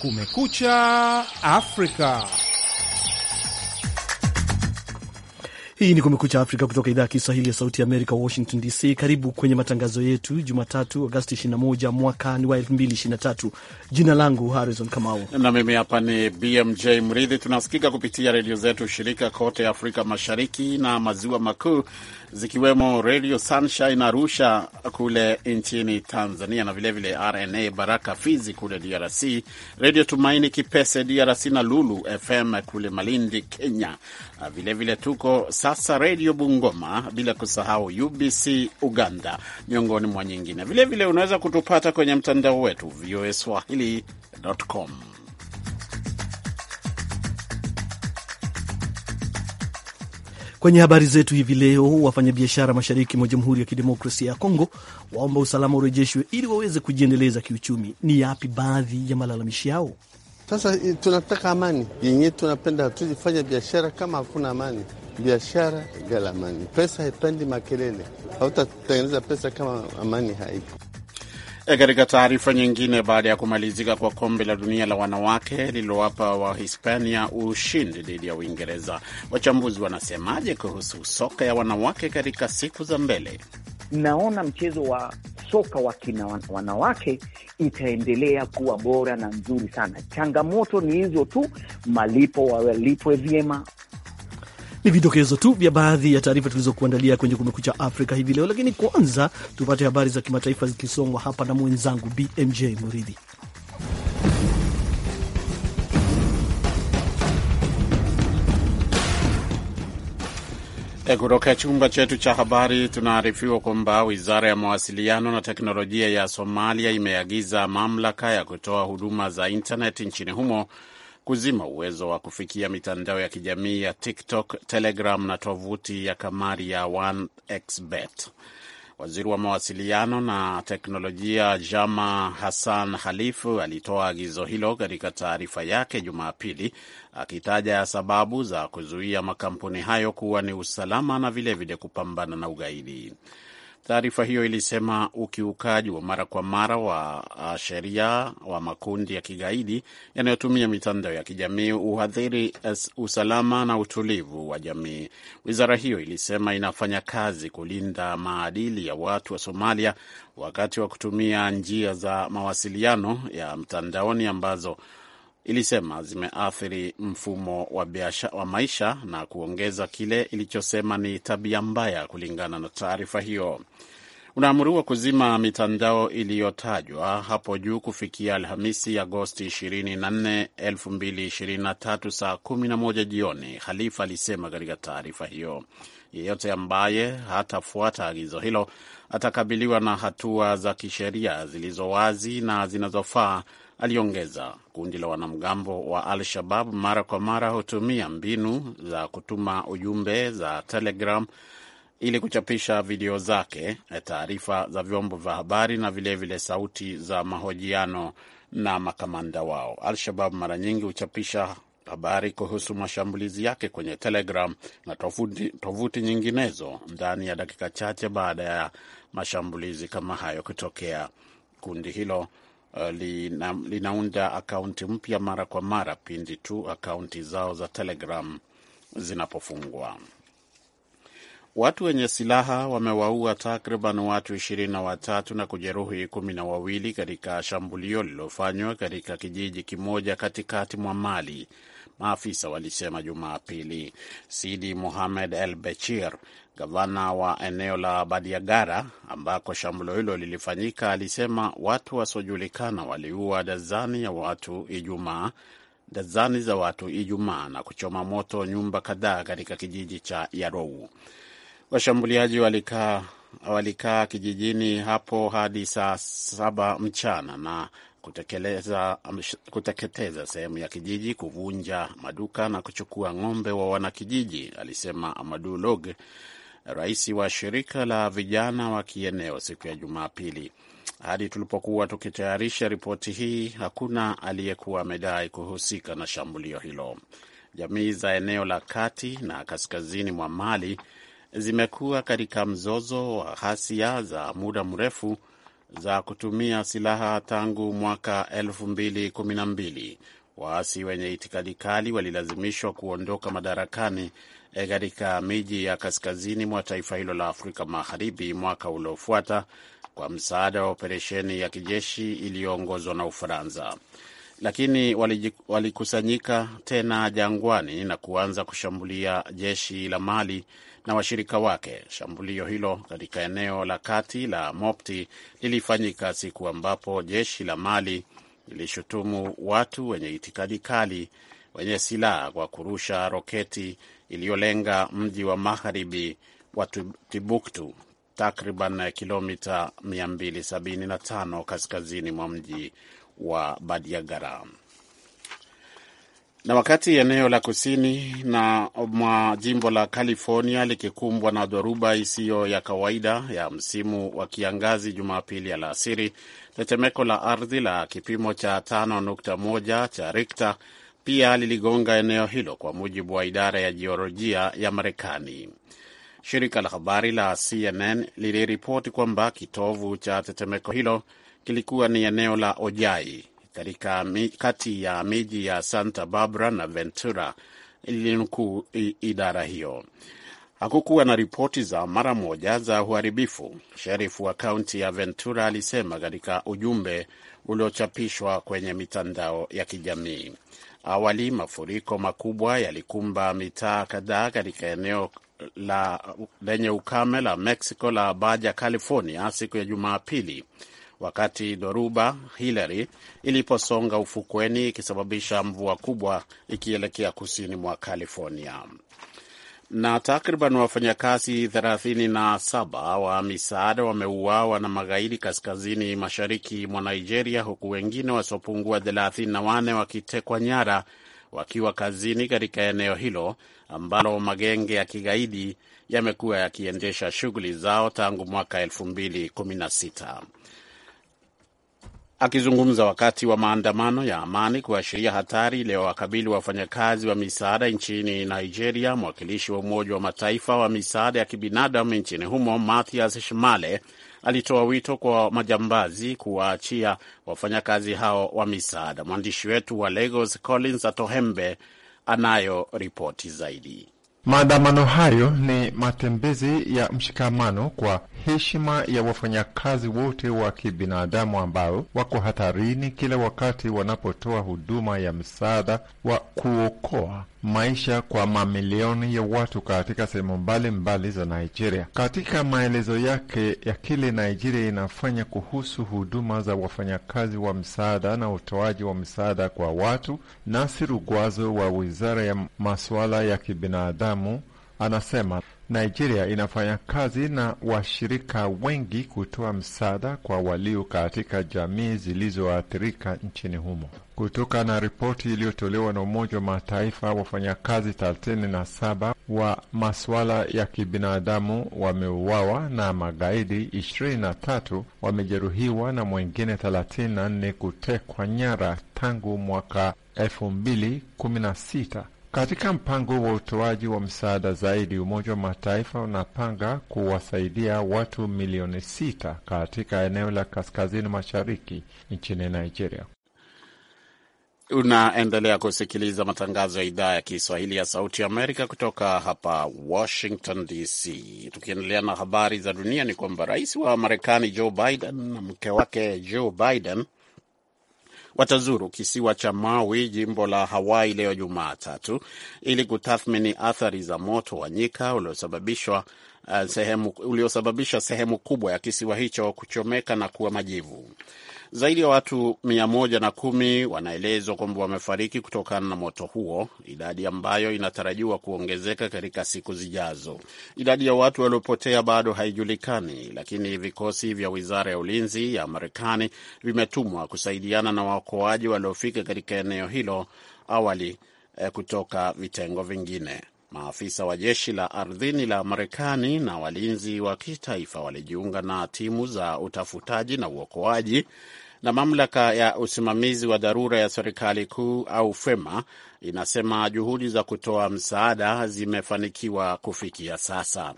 Kumekucha Afrika. Hii ni Kumekucha Afrika kutoka idhaa ya Kiswahili ya Sauti ya Amerika, Washington DC. Karibu kwenye matangazo yetu Jumatatu, Agasti 21 mwaka ni wa 2023. Jina langu Harrison Kamau na mimi hapa ni BMJ Mridhi. Tunasikika kupitia redio zetu shirika kote Afrika Mashariki na Maziwa Makuu, zikiwemo Radio Sunshine Arusha kule nchini Tanzania na vilevile vile RNA Baraka Fizi kule DRC, Radio Tumaini Kipese DRC na Lulu FM kule Malindi, Kenya. Vilevile vile tuko sasa Radio Bungoma, bila kusahau UBC Uganda, miongoni mwa nyingine. Vilevile unaweza kutupata kwenye mtandao wetu voa swahili.com. Kwenye habari zetu hivi leo, wafanyabiashara mashariki mwa Jamhuri ya Kidemokrasia ya Kongo waomba usalama urejeshwe ili waweze kujiendeleza kiuchumi. Ni yapi baadhi ya malalamishi yao? Sasa eh, tunataka amani yenye tunapenda, hatujifanya biashara kama hakuna amani. Biashara galamani, pesa haipendi makelele, hautatengeneza pesa kama amani haipo. E, katika taarifa nyingine, baada ya kumalizika kwa kombe la dunia la wanawake lililowapa Wahispania ushindi dhidi ya Uingereza, wachambuzi wanasemaje kuhusu soka ya wanawake katika siku za mbele? Naona mchezo wa soka wa kina wanawake itaendelea kuwa bora na nzuri sana. Changamoto ni hizo tu, malipo walipwe vyema. Ni vidokezo tu vya baadhi ya taarifa tulizokuandalia kwenye Kumekucha Afrika hivi leo, lakini kwanza tupate habari za kimataifa zikisomwa hapa na mwenzangu BMJ Muridhi. E, kutoka chumba chetu cha habari tunaarifiwa kwamba wizara ya mawasiliano na teknolojia ya Somalia imeagiza mamlaka ya kutoa huduma za intaneti nchini humo kuzima uwezo wa kufikia mitandao ya kijamii ya TikTok, Telegram na tovuti ya kamari ya 1xBet. Waziri wa mawasiliano na teknolojia Jama Hassan Khalifu alitoa agizo hilo katika taarifa yake Jumapili, akitaja sababu za kuzuia makampuni hayo kuwa ni usalama na vilevile vile kupambana na ugaidi. Taarifa hiyo ilisema ukiukaji wa mara kwa mara wa uh, sheria wa makundi ya kigaidi yanayotumia mitandao ya kijamii huathiri uh, usalama na utulivu wa jamii. Wizara hiyo ilisema inafanya kazi kulinda maadili ya watu wa Somalia wakati wa kutumia njia za mawasiliano ya mtandaoni ambazo ilisema zimeathiri mfumo wa biasha, wa maisha na kuongeza kile ilichosema ni tabia mbaya. Kulingana na taarifa hiyo, unaamuriwa kuzima mitandao iliyotajwa hapo juu kufikia Alhamisi, Agosti 24, 2023 saa 11 jioni, Khalifa alisema katika taarifa hiyo. Yeyote ambaye hatafuata agizo hilo atakabiliwa na hatua za kisheria zilizo wazi na zinazofaa Aliongeza, kundi la wanamgambo wa Al-Shabab mara kwa mara hutumia mbinu za kutuma ujumbe za Telegram ili kuchapisha video zake, taarifa za vyombo vya habari na vilevile vile sauti za mahojiano na makamanda wao. Al-Shabab mara nyingi huchapisha habari kuhusu mashambulizi yake kwenye Telegram na tovuti, tovuti nyinginezo ndani ya dakika chache baada ya mashambulizi kama hayo kutokea. Kundi hilo uh, lina, linaunda akaunti mpya mara kwa mara pindi tu akaunti zao za Telegram zinapofungwa. Watu wenye silaha wamewaua takriban watu ishirini na watatu na kujeruhi kumi na wawili katika shambulio lililofanywa katika kijiji kimoja katikati mwa Mali, maafisa walisema Jumapili. Sidi muhamed El Bechir Gavana wa eneo la Badiagara ambako shambulio hilo lilifanyika alisema watu wasiojulikana waliua dazani ya watu Ijumaa, dazani za watu Ijumaa na kuchoma moto nyumba kadhaa katika kijiji cha Yarou. Washambuliaji walikaa walikaa kijijini hapo hadi saa saba mchana na kutekeleza kuteketeza sehemu ya kijiji, kuvunja maduka na kuchukua ng'ombe wa wanakijiji, alisema Amadu Log, rais wa shirika la vijana wa kieneo siku ya Jumapili. Hadi tulipokuwa tukitayarisha ripoti hii, hakuna aliyekuwa amedai kuhusika na shambulio hilo. Jamii za eneo la kati na kaskazini mwa Mali zimekuwa katika mzozo wa ghasia za muda mrefu za kutumia silaha tangu mwaka mbili Waasi wenye itikadi kali walilazimishwa kuondoka madarakani eh, katika miji ya kaskazini mwa taifa hilo la Afrika Magharibi mwaka uliofuata kwa msaada wa operesheni ya kijeshi iliyoongozwa na Ufaransa, lakini walikusanyika tena jangwani na kuanza kushambulia jeshi la Mali na washirika wake. Shambulio hilo katika eneo la kati la Mopti lilifanyika siku ambapo jeshi la Mali ilishutumu watu wenye itikadi kali wenye silaha kwa kurusha roketi iliyolenga mji wa magharibi wa Timbuktu, takriban kilomita 275 kaskazini mwa mji wa Badiagara. Na wakati eneo la kusini na mwa jimbo la California likikumbwa na dhoruba isiyo ya kawaida ya msimu wa kiangazi Jumapili alasiri, Tetemeko la ardhi la kipimo cha 5.1 cha rikta pia liligonga eneo hilo, kwa mujibu wa idara ya jiolojia ya Marekani. Shirika la habari la CNN liliripoti kwamba kitovu cha tetemeko hilo kilikuwa ni eneo la Ojai katika kati ya miji ya Santa Barbara na Ventura, ilinukuu idara hiyo. Hakukuwa na ripoti za mara moja za uharibifu, sherifu wa kaunti ya Ventura alisema katika ujumbe uliochapishwa kwenye mitandao ya kijamii. Awali mafuriko makubwa yalikumba mitaa kadhaa katika eneo la lenye ukame la Mexico la Baja California siku ya Jumapili wakati dhoruba Hilary iliposonga ufukweni ikisababisha mvua kubwa ikielekea kusini mwa California. Na takriban wafanyakazi 37 wa misaada wameuawa na magaidi kaskazini mashariki mwa Nigeria, huku wengine wasiopungua 34 wakitekwa nyara wakiwa kazini katika eneo hilo ambalo magenge ya kigaidi yamekuwa yakiendesha shughuli zao tangu mwaka 2016. Akizungumza wakati wa maandamano ya amani kuashiria hatari iliyowakabili wafanyakazi wa misaada nchini Nigeria, mwakilishi wa Umoja wa Mataifa wa misaada ya kibinadamu nchini humo Mathias Shmale alitoa wito kwa majambazi kuwaachia wafanyakazi hao wa misaada. Mwandishi wetu wa Lagos Collins Atohembe anayo ripoti zaidi. Maandamano hayo ni matembezi ya mshikamano kwa heshima ya wafanyakazi wote wa kibinadamu ambao wako hatarini kila wakati wanapotoa huduma ya msaada wa kuokoa maisha kwa mamilioni ya watu katika sehemu mbalimbali za Nigeria. Katika maelezo yake ya kile Nigeria inafanya kuhusu huduma za wafanyakazi wa msaada na utoaji wa msaada kwa watu, Nasiru Gwazo wa Wizara ya Masuala ya Kibinadamu anasema Nigeria inafanya kazi na washirika wengi kutoa msaada kwa walio katika jamii zilizoathirika nchini humo kutoka na ripoti iliyotolewa na Umoja wa Mataifa, wafanyakazi thelathini na saba wa masuala ya kibinadamu wameuawa na magaidi ishirini na tatu wamejeruhiwa na mwengine thelathini na nne kutekwa nyara tangu mwaka elfu mbili kumi na sita. Katika mpango wa utoaji wa msaada zaidi, Umoja wa Mataifa unapanga kuwasaidia watu milioni sita katika eneo la kaskazini mashariki nchini Nigeria. Unaendelea kusikiliza matangazo ya idhaa ya Kiswahili ya Sauti Amerika kutoka hapa Washington DC. Tukiendelea na habari za dunia, ni kwamba rais wa Marekani Joe Biden na mke wake jo Biden watazuru kisiwa cha Maui, jimbo la Hawaii, leo Jumatatu ili kutathmini athari za moto wa nyika uliosababishwa uh, sehemu uliosababisha sehemu kubwa ya kisiwa hicho kuchomeka na kuwa majivu. Zaidi ya watu mia moja na kumi wanaelezwa kwamba wamefariki kutokana na moto huo, idadi ambayo inatarajiwa kuongezeka katika siku zijazo. Idadi ya watu waliopotea bado haijulikani, lakini vikosi vya wizara ya ulinzi ya Marekani vimetumwa kusaidiana na waokoaji waliofika katika eneo hilo awali eh, kutoka vitengo vingine. Maafisa wa jeshi la ardhini la Marekani na walinzi wa kitaifa walijiunga na timu za utafutaji na uokoaji na mamlaka ya usimamizi wa dharura ya serikali kuu au FEMA inasema juhudi za kutoa msaada zimefanikiwa kufikia sasa.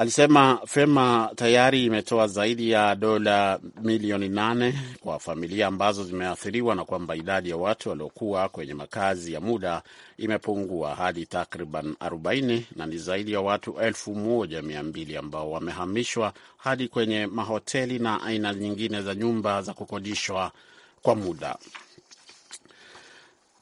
Alisema FEMA tayari imetoa zaidi ya dola milioni nane kwa familia ambazo zimeathiriwa na kwamba idadi ya watu waliokuwa kwenye makazi ya muda imepungua hadi takriban 40 na ni zaidi ya watu 12 ambao wamehamishwa hadi kwenye mahoteli na aina nyingine za nyumba za kukodishwa kwa muda.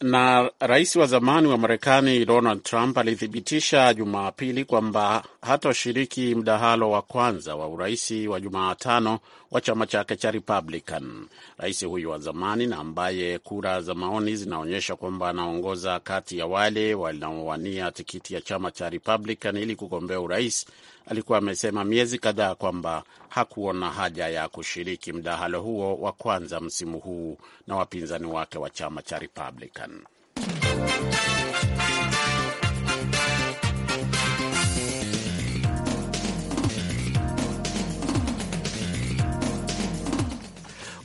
Na rais wa zamani wa Marekani Donald Trump alithibitisha Jumapili kwamba hatoshiriki mdahalo wa kwanza wa uraisi wa Jumatano wa chama chake cha Republican. Rais huyu wa zamani na ambaye kura za maoni zinaonyesha kwamba anaongoza kati ya wale wanaowania tikiti ya chama cha Republican ili kugombea urais alikuwa amesema miezi kadhaa kwamba hakuona haja ya kushiriki mdahalo huo wa kwanza msimu huu na wapinzani wake wa chama cha Republican.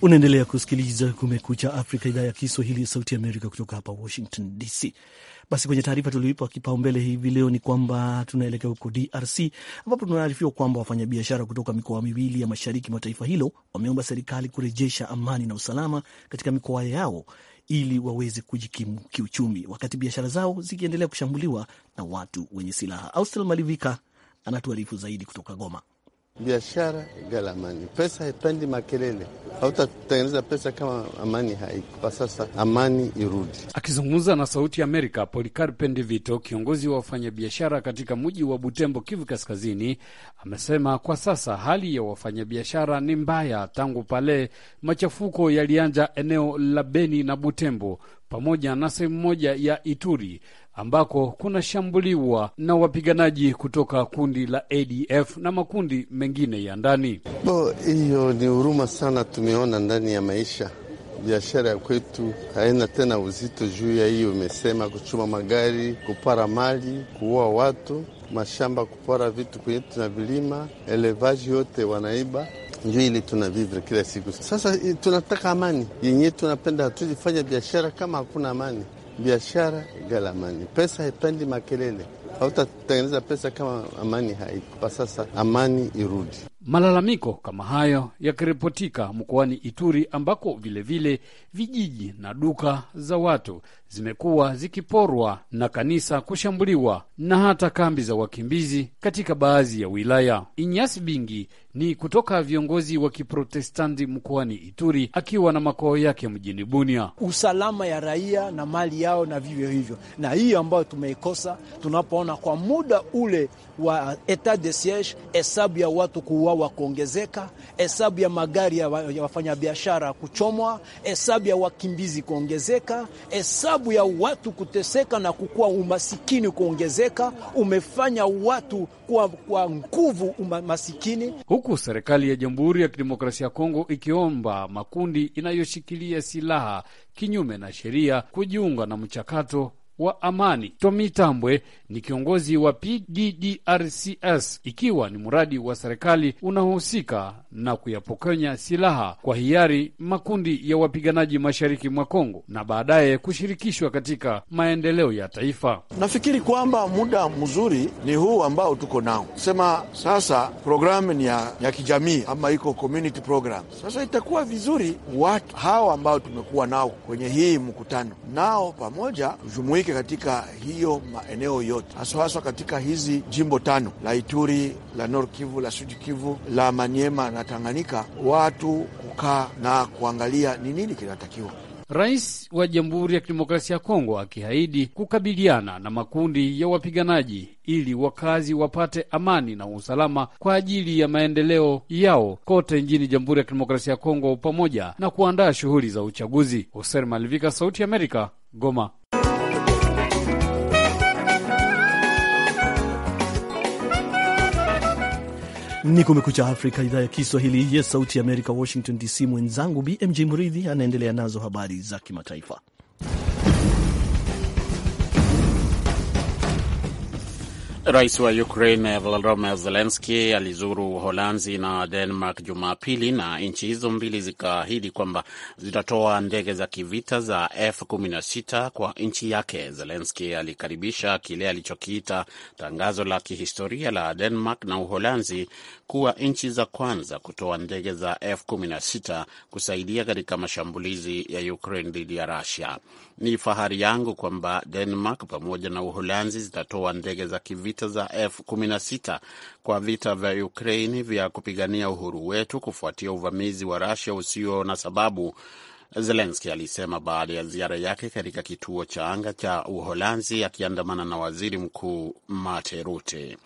Unaendelea kusikiliza Kumekucha Afrika, idhaa ya Kiswahili ya Sauti ya Amerika kutoka hapa Washington DC. Basi kwenye taarifa tulioipa kipaumbele hivi leo ni kwamba tunaelekea huko DRC ambapo tunaarifiwa kwamba wafanyabiashara kutoka mikoa miwili ya mashariki mwa taifa hilo wameomba serikali kurejesha amani na usalama katika mikoa yao ili waweze kujikimu kiuchumi, wakati biashara zao zikiendelea kushambuliwa na watu wenye silaha. Austel Malivika anatuarifu zaidi kutoka Goma. Biashara gala amani, pesa haipendi makelele. Hautatengeneza pesa kama amani haiko kwa sasa, amani irudi. Akizungumza na Sauti ya Amerika, Polikarpe Ndivito, kiongozi wa wafanyabiashara katika mji wa Butembo, Kivu Kaskazini, amesema kwa sasa hali ya wafanyabiashara ni mbaya tangu pale machafuko yalianja eneo la Beni na Butembo pamoja na sehemu moja ya Ituri ambako kunashambuliwa na wapiganaji kutoka kundi la ADF na makundi mengine ya ndani. Hiyo ni huruma sana tumeona ndani ya maisha biashara ya kwetu haina tena uzito juu ya hiyo. Imesema kuchuma magari, kupara mali, kuua watu, mashamba, kupora vitu kwenye tuna vilima, elevaji yote wanaiba ili tuna vivre kila siku. Sasa eh, tunataka amani yenyewe tunapenda, hatujifanya biashara kama hakuna amani biashara gala amani. Pesa haipendi makelele, hautatengeneza pesa kama amani haiko. Kwa sasa amani irudi. Malalamiko kama hayo yakiripotika mkoani Ituri ambako vilevile vile vijiji na duka za watu zimekuwa zikiporwa na kanisa kushambuliwa na hata kambi za wakimbizi katika baadhi ya wilaya. Inyasi Bingi ni kutoka viongozi wa Kiprotestanti mkoani Ituri akiwa na makao yake mjini Bunia. Usalama ya raia na mali yao na vivyo hivyo, na hiyo ambayo tumeikosa tunapoona kwa muda ule wa etat de siege, hesabu ya watu kuwa wa kuongezeka, hesabu ya magari ya wafanyabiashara kuchomwa, hesabu ya wakimbizi kuongezeka, hesabu ya watu kuteseka na kukuwa umasikini kuongezeka, umefanya watu kuwa kwa nguvu umasikini, huku serikali ya Jamhuri ya Kidemokrasia ya Kongo ikiomba makundi inayoshikilia silaha kinyume na sheria kujiunga na mchakato wa amani. Tomi Tambwe ni kiongozi wa PDDRCS, ikiwa ni mradi wa serikali unaohusika na kuyapokonya silaha kwa hiari makundi ya wapiganaji mashariki mwa Kongo na baadaye kushirikishwa katika maendeleo ya taifa. Nafikiri kwamba muda mzuri ni huu ambao tuko nao, sema sasa programu ni ya, ya kijamii ama iko community program. Sasa itakuwa vizuri watu hawa ambao tumekuwa nao kwenye hii mkutano nao pamoja itumike katika hiyo maeneo yote, haswa haswa katika hizi jimbo tano la Ituri, la Nord Kivu, la Sud Kivu, la Maniema na Tanganyika, watu kukaa na kuangalia ni nini kinatakiwa. Rais wa Jamhuri ya Kidemokrasia ya Kongo akiahidi kukabiliana na makundi ya wapiganaji ili wakazi wapate amani na usalama kwa ajili ya maendeleo yao kote nchini Jamhuri ya Kidemokrasia ya Kongo pamoja na kuandaa shughuli za uchaguzi. Hoser Malivika, Sauti ya Amerika, Goma. Ni Kumekucha Afrika, idhaa ya Kiswahili ya yes, Sauti Amerika, Washington DC. Mwenzangu BMJ mridhi anaendelea nazo habari za kimataifa. Rais wa Ukraine Volodymyr Zelensky alizuru Uholanzi na Denmark Jumapili, na nchi hizo mbili zikaahidi kwamba zitatoa ndege za kivita za F16 kwa nchi yake. Zelensky alikaribisha kile alichokiita tangazo la kihistoria la Denmark na Uholanzi kuwa nchi za kwanza kutoa ndege za F16 kusaidia katika mashambulizi ya Ukraine dhidi ya Russia. Ni fahari yangu kwamba Denmark pamoja na Uholanzi zitatoa ndege za kivita vita za F16 kwa vita vya Ukraini vya kupigania uhuru wetu kufuatia uvamizi wa Rusia usio na sababu, Zelenski alisema baada ya ziara yake katika kituo cha anga cha Uholanzi akiandamana na waziri mkuu mate rute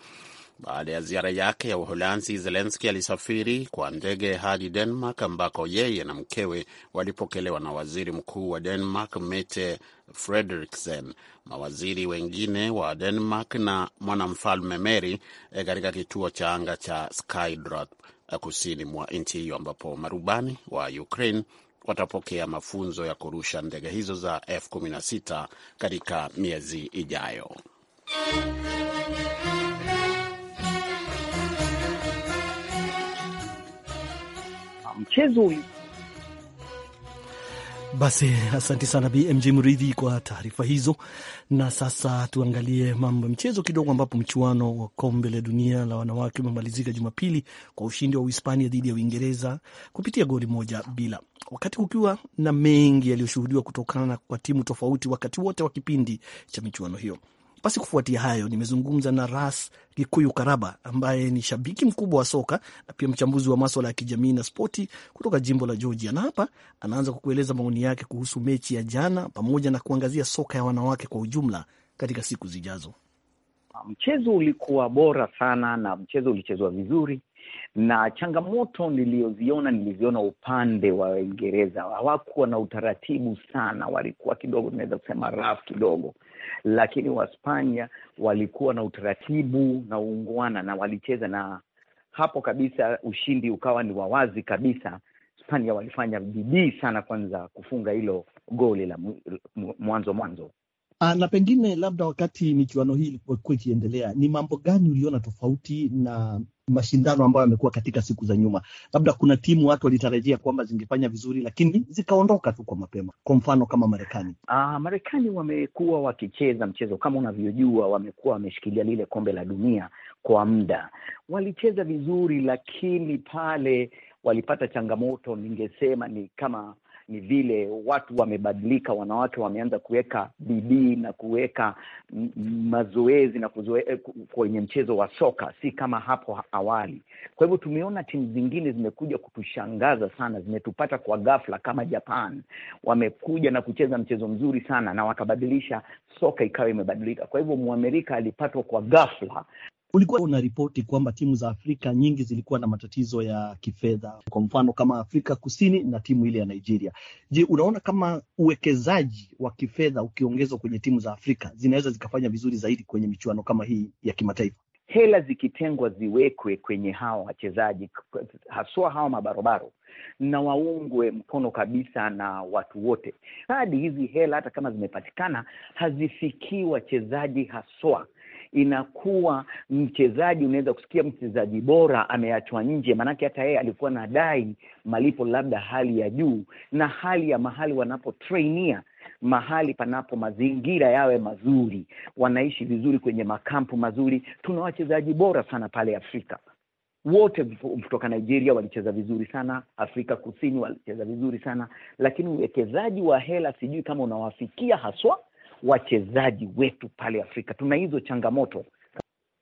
Baada ya ziara yake ya Uholanzi, Zelenski alisafiri kwa ndege hadi Denmark, ambako yeye na mkewe walipokelewa na waziri mkuu wa Denmark Mette Frederiksen, mawaziri wengine wa Denmark na mwanamfalme Mary eh, katika kituo cha anga cha Skydrop eh, kusini mwa nchi hiyo ambapo marubani wa Ukraine watapokea mafunzo ya kurusha ndege hizo za F16 katika miezi ijayo. Mchezo basi asante sana BMJ Mridhi kwa taarifa hizo. Na sasa tuangalie mambo ya michezo kidogo, ambapo mchuano wa kombe la dunia la wanawake umemalizika Jumapili kwa ushindi wa Uhispania dhidi ya Uingereza kupitia goli moja bila, wakati kukiwa na mengi yaliyoshuhudiwa kutokana kwa timu tofauti wakati wote wa kipindi cha michuano hiyo. Basi kufuatia hayo, nimezungumza na Ras Gikuyu Karaba ambaye ni shabiki mkubwa wa soka na pia mchambuzi wa maswala ya kijamii na spoti kutoka jimbo la Georgia, na hapa anaanza kwa kueleza maoni yake kuhusu mechi ya jana pamoja na kuangazia soka ya wanawake kwa ujumla katika siku zijazo. Mchezo ulikuwa bora sana na mchezo ulichezwa vizuri na changamoto niliyoziona, niliziona upande wa Waingereza, hawakuwa na utaratibu sana, walikuwa kidogo, tunaweza kusema rafu kidogo, lakini Waspanya walikuwa na utaratibu na uungwana na walicheza, na hapo kabisa ushindi ukawa ni wawazi kabisa. Spania walifanya bidii sana, kwanza kufunga hilo goli la mwanzo mwanzo. Ah, na pengine labda wakati michuano hii ilipokuwa ikiendelea, ni mambo gani uliona tofauti na mashindano ambayo yamekuwa katika siku za nyuma? Labda kuna timu watu walitarajia kwamba zingefanya vizuri, lakini zikaondoka tu kwa mapema. Kwa mfano kama Marekani. Ah, Marekani wamekuwa wakicheza mchezo kama unavyojua, wamekuwa wameshikilia lile kombe la dunia kwa muda, walicheza vizuri, lakini pale walipata changamoto, ningesema ni kama ni vile watu wamebadilika, wanawake wameanza kuweka bidii na kuweka mazoezi na kuzoe, eh, kwenye mchezo wa soka, si kama hapo awali. Kwa hivyo tumeona timu zingine zimekuja kutushangaza sana, zimetupata kwa ghafla, kama Japan wamekuja na kucheza mchezo mzuri sana na wakabadilisha soka ikawa imebadilika. Kwa hivyo Mwamerika alipatwa kwa ghafla na ripoti kwamba timu za Afrika nyingi zilikuwa na matatizo ya kifedha, kwa mfano kama Afrika Kusini na timu ile ya Nigeria. Je, unaona kama uwekezaji wa kifedha ukiongezwa kwenye timu za Afrika zinaweza zikafanya vizuri zaidi kwenye michuano kama hii ya kimataifa? Hela zikitengwa ziwekwe kwenye hawa wachezaji, haswa hawa mabarobaro, na waungwe mkono kabisa na watu wote. Hadi hizi hela hata kama zimepatikana hazifikii wachezaji haswa inakuwa mchezaji, unaweza kusikia mchezaji bora ameachwa nje, maanake hata yeye alikuwa na dai malipo labda hali ya juu, na hali ya mahali wanapotrainia mahali panapo mazingira yawe mazuri, wanaishi vizuri kwenye makampu mazuri. Tuna wachezaji bora sana pale Afrika wote kutoka Nigeria walicheza vizuri sana, Afrika Kusini walicheza vizuri sana, lakini uwekezaji wa hela sijui kama unawafikia haswa wachezaji wetu pale Afrika. Tuna hizo changamoto.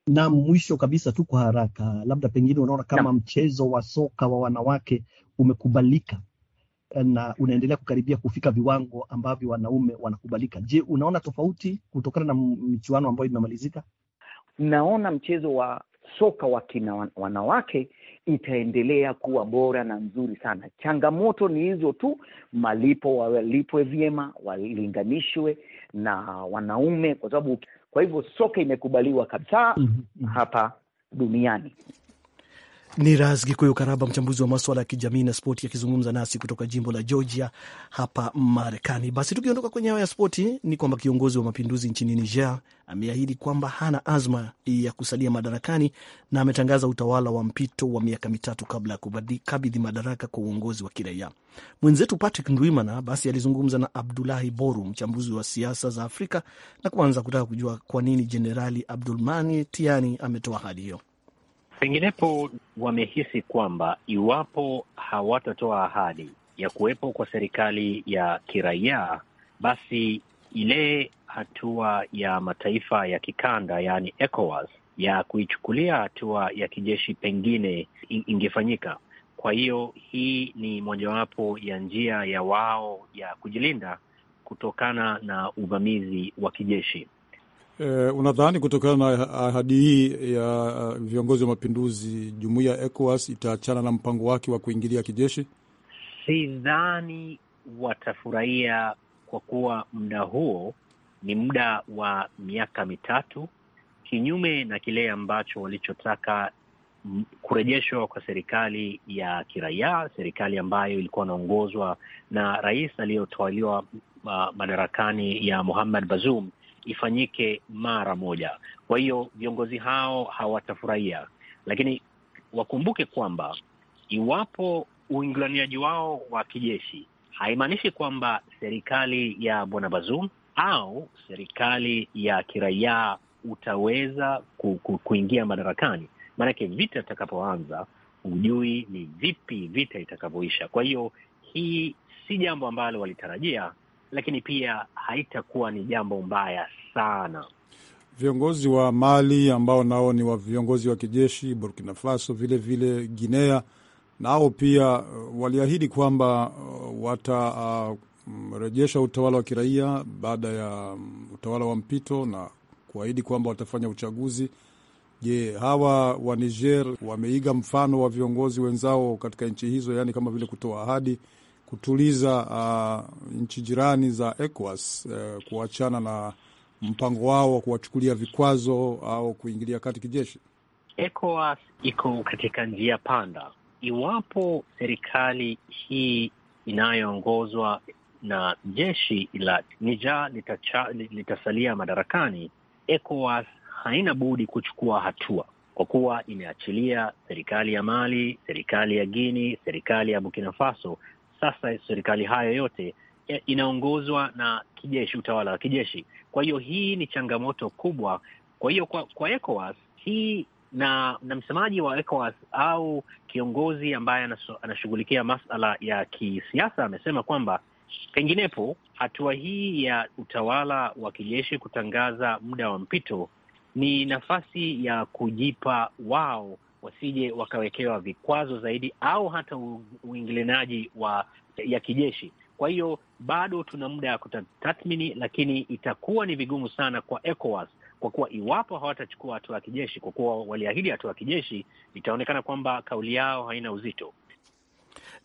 Na mwisho kabisa tu kwa haraka, labda pengine unaona kama na mchezo wa soka wa wanawake umekubalika na unaendelea kukaribia kufika viwango ambavyo wanaume wanakubalika. Je, unaona tofauti kutokana na michuano ambayo imemalizika? Naona mchezo wa soka wa kina wanawake itaendelea kuwa bora na nzuri sana. Changamoto ni hizo tu, malipo walipwe vyema, walinganishwe na wanaume, kwa sababu kwa hivyo soka imekubaliwa kabisa mm -hmm. hapa duniani. Ni Ras Gikuyu Karaba, mchambuzi wa maswala ya kijamii na spoti, akizungumza nasi kutoka jimbo la Georgia hapa Marekani. Basi tukiondoka kwenye hayo ya spoti, ni kwamba kiongozi wa mapinduzi nchini Niger ameahidi kwamba hana azma ya kusalia madarakani na ametangaza utawala wa mpito wa miaka mitatu kabla ya kukabidhi madaraka kwa uongozi wa kiraia. Mwenzetu Patrick Ndwimana basi alizungumza na Abdulahi Boru, mchambuzi wa siasa za Afrika, na kuanza kutaka kujua kwa nini Jenerali Abdulmani Tiani ametoa hali hiyo. Penginepo wamehisi kwamba iwapo hawatatoa ahadi ya kuwepo kwa serikali ya kiraia, basi ile hatua ya mataifa ya kikanda, yaani ECOWAS, ya kuichukulia hatua ya kijeshi pengine ingefanyika. Kwa hiyo hii ni mojawapo ya njia ya wao ya kujilinda kutokana na uvamizi wa kijeshi. Eh, unadhani kutokana na ahadi hii ya eh, viongozi wa mapinduzi jumuiya ya ECOWAS itaachana na mpango wake wa kuingilia kijeshi? Sidhani watafurahia kwa kuwa muda huo ni muda wa miaka mitatu, kinyume na kile ambacho walichotaka mm, kurejeshwa kwa serikali ya kiraia, serikali ambayo ilikuwa inaongozwa na rais aliyotwaliwa mm, madarakani ya Muhammad Bazoum ifanyike mara moja. Kwa hiyo viongozi hao hawatafurahia, lakini wakumbuke kwamba iwapo uingilaniaji wao wa kijeshi haimaanishi kwamba serikali ya bwana Bazoum au serikali ya kiraia utaweza ku, ku, kuingia madarakani. Maanake vita itakapoanza, hujui ni vipi vita itakavyoisha. Kwa hiyo hii si jambo ambalo walitarajia, lakini pia haitakuwa ni jambo mbaya sana. Viongozi wa Mali ambao nao ni wa viongozi wa kijeshi, Burkina Faso vilevile vile Guinea nao pia uh, waliahidi kwamba watarejesha uh, uh utawala wa kiraia baada ya um, utawala wa mpito na kuahidi kwamba watafanya uchaguzi. Je, hawa wa Niger wameiga mfano wa viongozi wenzao katika nchi hizo, yaani kama vile kutoa ahadi kutuliza uh, nchi jirani za ECOWAS uh, kuachana na mpango wao wa kuwachukulia vikwazo au kuingilia kati kijeshi. ECOWAS iko katika njia panda. Iwapo serikali hii inayoongozwa na jeshi la Niger litasalia madarakani, ECOWAS haina budi kuchukua hatua kwa kuwa imeachilia serikali ya Mali, serikali ya Guini, serikali ya Burkina Faso sasa serikali hayo yote inaongozwa na kijeshi, utawala wa kijeshi. Kwa hiyo hii ni changamoto kubwa. Kwa hiyo kwa, kwa ECOWAS hii na na msemaji wa ECOWAS au kiongozi ambaye anashughulikia masala ya kisiasa amesema kwamba penginepo hatua hii ya utawala wa kijeshi kutangaza muda wa mpito ni nafasi ya kujipa wao wasije wakawekewa vikwazo zaidi au hata uingilinaji wa ya kijeshi. Kwa hiyo bado tuna muda ya kutathmini, lakini itakuwa ni vigumu sana kwa ECOWAS kwa kuwa iwapo hawatachukua hatua ya kijeshi, kwa kuwa waliahidi hatua ya kijeshi, itaonekana kwamba kauli yao haina uzito.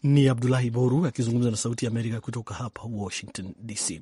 Ni Abdulahi Boru akizungumza na Sauti ya Amerika kutoka hapa Washington DC.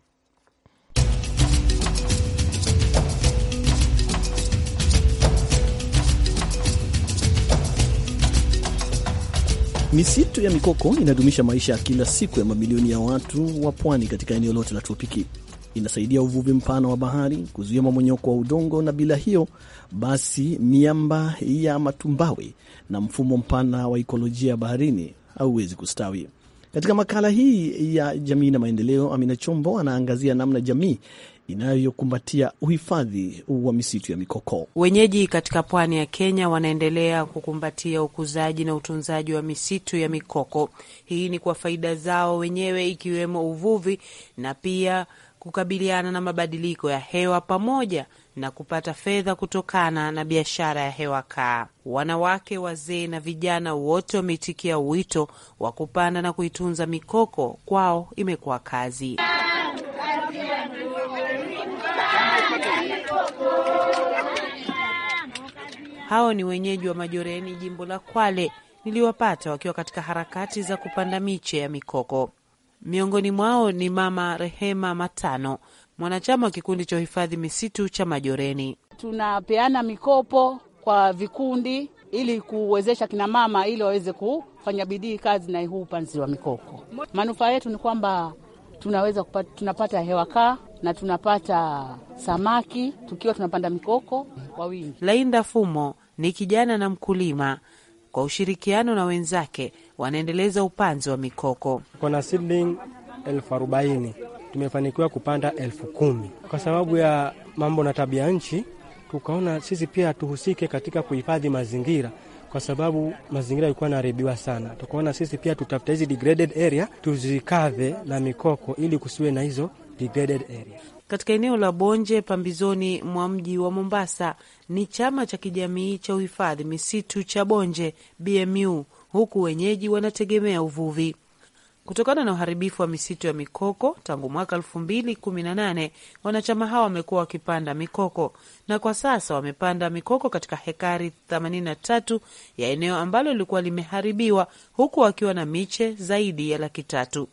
Misitu ya mikoko inadumisha maisha ya kila siku ya mamilioni ya watu wa pwani katika eneo lote la tropiki. Inasaidia uvuvi mpana wa bahari, kuzuia mamonyoko wa udongo, na bila hiyo basi miamba ya matumbawe na mfumo mpana wa ikolojia ya baharini hauwezi kustawi. Katika makala hii ya jamii na maendeleo, Amina Chombo anaangazia namna jamii inayokumbatia uhifadhi wa misitu ya mikoko. Wenyeji katika pwani ya Kenya wanaendelea kukumbatia ukuzaji na utunzaji wa misitu ya mikoko. Hii ni kwa faida zao wenyewe, ikiwemo uvuvi na pia kukabiliana na mabadiliko ya hewa pamoja na kupata fedha kutokana na biashara ya hewa kaa. Wanawake, wazee na vijana wote wameitikia wito wa kupanda na kuitunza mikoko, kwao imekuwa kazi. Hao ni wenyeji wa Majoreni, jimbo la Kwale. Niliwapata wakiwa katika harakati za kupanda miche ya mikoko. Miongoni mwao ni Mama Rehema Matano, mwanachama wa kikundi cha uhifadhi misitu cha Majoreni. Tunapeana mikopo kwa vikundi ili kuwezesha kinamama ili waweze kufanya bidii kazi na huu upanzi wa mikoko. Manufaa yetu ni kwamba tunaweza kupata, tunapata hewa kaa na tunapata samaki tukiwa tunapanda mikoko kwa wingi. Lainda Fumo ni kijana na mkulima. Kwa ushirikiano na wenzake, wanaendeleza upanzi wa mikoko. Kuna seedling elfu arobaini tumefanikiwa kupanda elfu kumi kwa sababu ya mambo na tabia nchi. Tukaona sisi pia tuhusike katika kuhifadhi mazingira kwa sababu mazingira yalikuwa yanaharibiwa sana. Tukaona sisi pia tutafuta hizi degraded area tuzikave na mikoko ili kusiwe na hizo degraded area katika eneo la Bonje pambizoni mwa mji wa Mombasa ni chama cha kijamii cha uhifadhi misitu cha Bonje BMU, huku wenyeji wanategemea uvuvi kutokana na uharibifu wa misitu ya mikoko tangu mwaka elfu mbili kumi na nane wanachama hawa wamekuwa wakipanda mikoko na kwa sasa wamepanda mikoko katika hekari 83 ya eneo ambalo lilikuwa limeharibiwa huku wakiwa na miche zaidi ya laki tatu.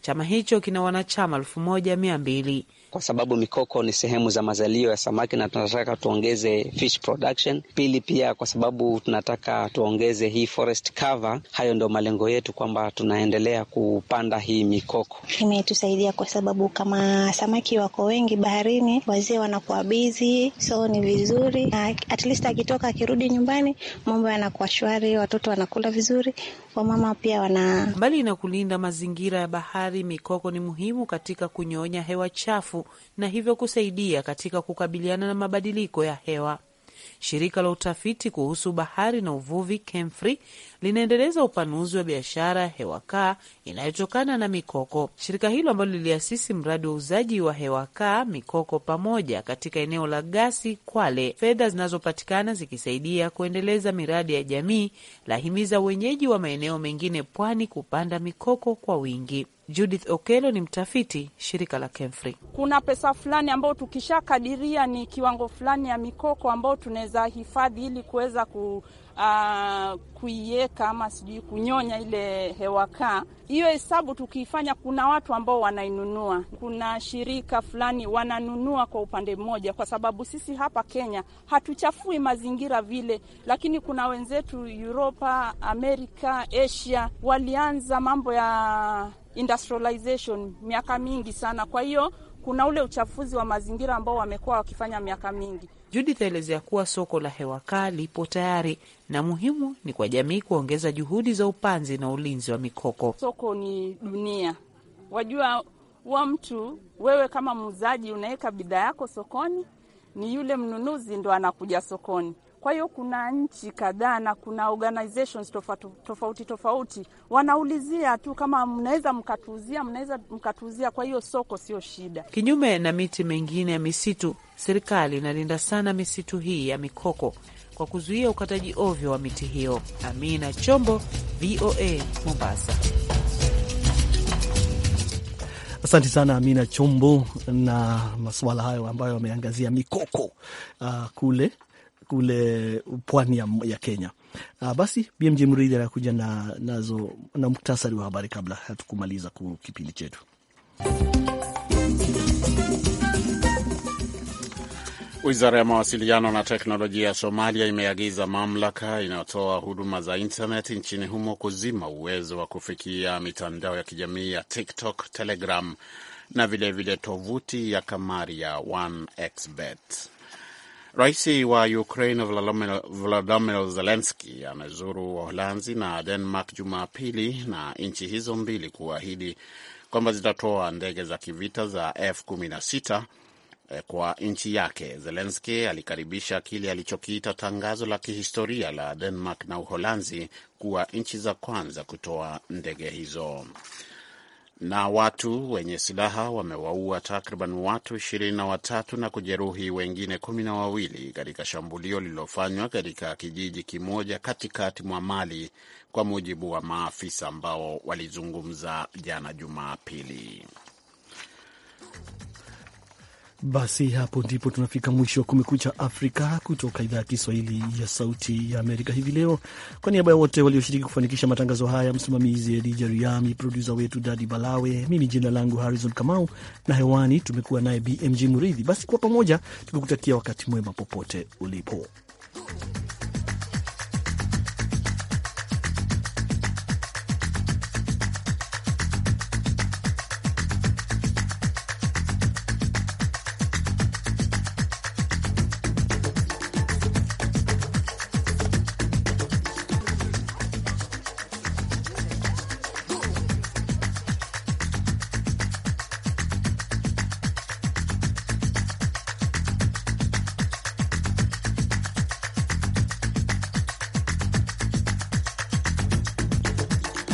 Chama hicho kina wanachama elfu moja mia mbili kwa sababu mikoko ni sehemu za mazalio ya samaki na tunataka tuongeze fish production. Pili pia kwa sababu tunataka tuongeze hii forest cover. Hayo ndio malengo yetu kwamba tunaendelea kupanda hii mikoko. Imetusaidia kwa sababu kama samaki wako wengi baharini, wazee wanakuwa bizi, so ni vizuri at least akitoka akirudi nyumbani mambo yanakuwa shwari, watoto wanakula vizuri, wamama pia wana. Mbali na kulinda mazingira ya bahari, mikoko ni muhimu katika kunyonya hewa chafu na hivyo kusaidia katika kukabiliana na mabadiliko ya hewa. Shirika la utafiti kuhusu bahari na uvuvi KEMFRI linaendeleza upanuzi wa biashara hewa kaa inayotokana na mikoko. Shirika hilo ambalo liliasisi mradi wa uuzaji wa hewa kaa, mikoko pamoja katika eneo la Gasi, Kwale, fedha zinazopatikana zikisaidia kuendeleza miradi ya jamii, lahimiza wenyeji wa maeneo mengine pwani kupanda mikoko kwa wingi. Judith Okelo ni mtafiti shirika la Kemfri. Kuna pesa fulani ambayo tukishakadiria ni kiwango fulani ya mikoko ambayo tunaweza hifadhi ili kuweza ku uh, ah, kuiweka ama sijui kunyonya ile hewa kaa. Hiyo hesabu tukiifanya, kuna watu ambao wanainunua, kuna shirika fulani wananunua kwa upande mmoja, kwa sababu sisi hapa Kenya hatuchafui mazingira vile, lakini kuna wenzetu Uropa, Amerika, Asia walianza mambo ya industrialization miaka mingi sana, kwa hiyo kuna ule uchafuzi wa mazingira ambao wamekuwa wakifanya miaka mingi. Judith aelezea kuwa soko la hewa kaa lipo tayari na muhimu ni kwa jamii kuongeza juhudi za upanzi na ulinzi wa mikoko. Soko ni dunia, wajua huwa mtu wewe, kama muuzaji unaweka bidhaa yako sokoni, ni yule mnunuzi ndo anakuja sokoni. Kwa hiyo kuna nchi kadhaa na kuna organizations tofauti tofauti tofauti wanaulizia tu kama mnaweza mkatuuzia, mnaweza mkatuuzia. Kwa hiyo soko sio shida. Kinyume na miti mingine ya misitu, serikali inalinda sana misitu hii ya mikoko kwa kuzuia ukataji ovyo wa miti hiyo. Amina Chombo, VOA, Mombasa. Asante sana Amina Chombo na masuala hayo ambayo ameangazia mikoko uh, kule kule pwani ya, ya Kenya. Uh, basi BMJ Mridhi anakuja na, nazo na muktasari wa habari kabla hatukumaliza kipindi chetu. Wizara ya mawasiliano na teknolojia ya Somalia imeagiza mamlaka inayotoa huduma za intaneti nchini humo kuzima uwezo wa kufikia mitandao ya kijamii ya TikTok, Telegram na vilevile tovuti ya kamari ya 1xBet. Rais wa Ukraine Volodymyr zelenski amezuru Uholanzi na Denmark Jumapili na nchi hizo mbili kuahidi kwamba zitatoa ndege za kivita za F16 eh, kwa nchi yake. zelenski alikaribisha kile alichokiita tangazo la kihistoria la Denmark na Uholanzi kuwa nchi za kwanza kutoa ndege hizo na watu wenye silaha wamewaua takriban watu ishirini na watatu na kujeruhi wengine kumi na wawili katika shambulio lililofanywa katika kijiji kimoja katikati mwa Mali, kwa mujibu wa maafisa ambao walizungumza jana Jumapili. Basi hapo ndipo tunafika mwisho wa Kumekucha Afrika kutoka idhaa ya Kiswahili ya Sauti ya Amerika hivi leo. Kwa niaba ya wote walioshiriki kufanikisha matangazo haya, msimamizi Edija Riami, produsa wetu Dadi Balawe, mimi jina langu Harrison Kamau na hewani tumekuwa naye BMG Muridhi. Basi kwa pamoja tukikutakia wakati mwema popote ulipo.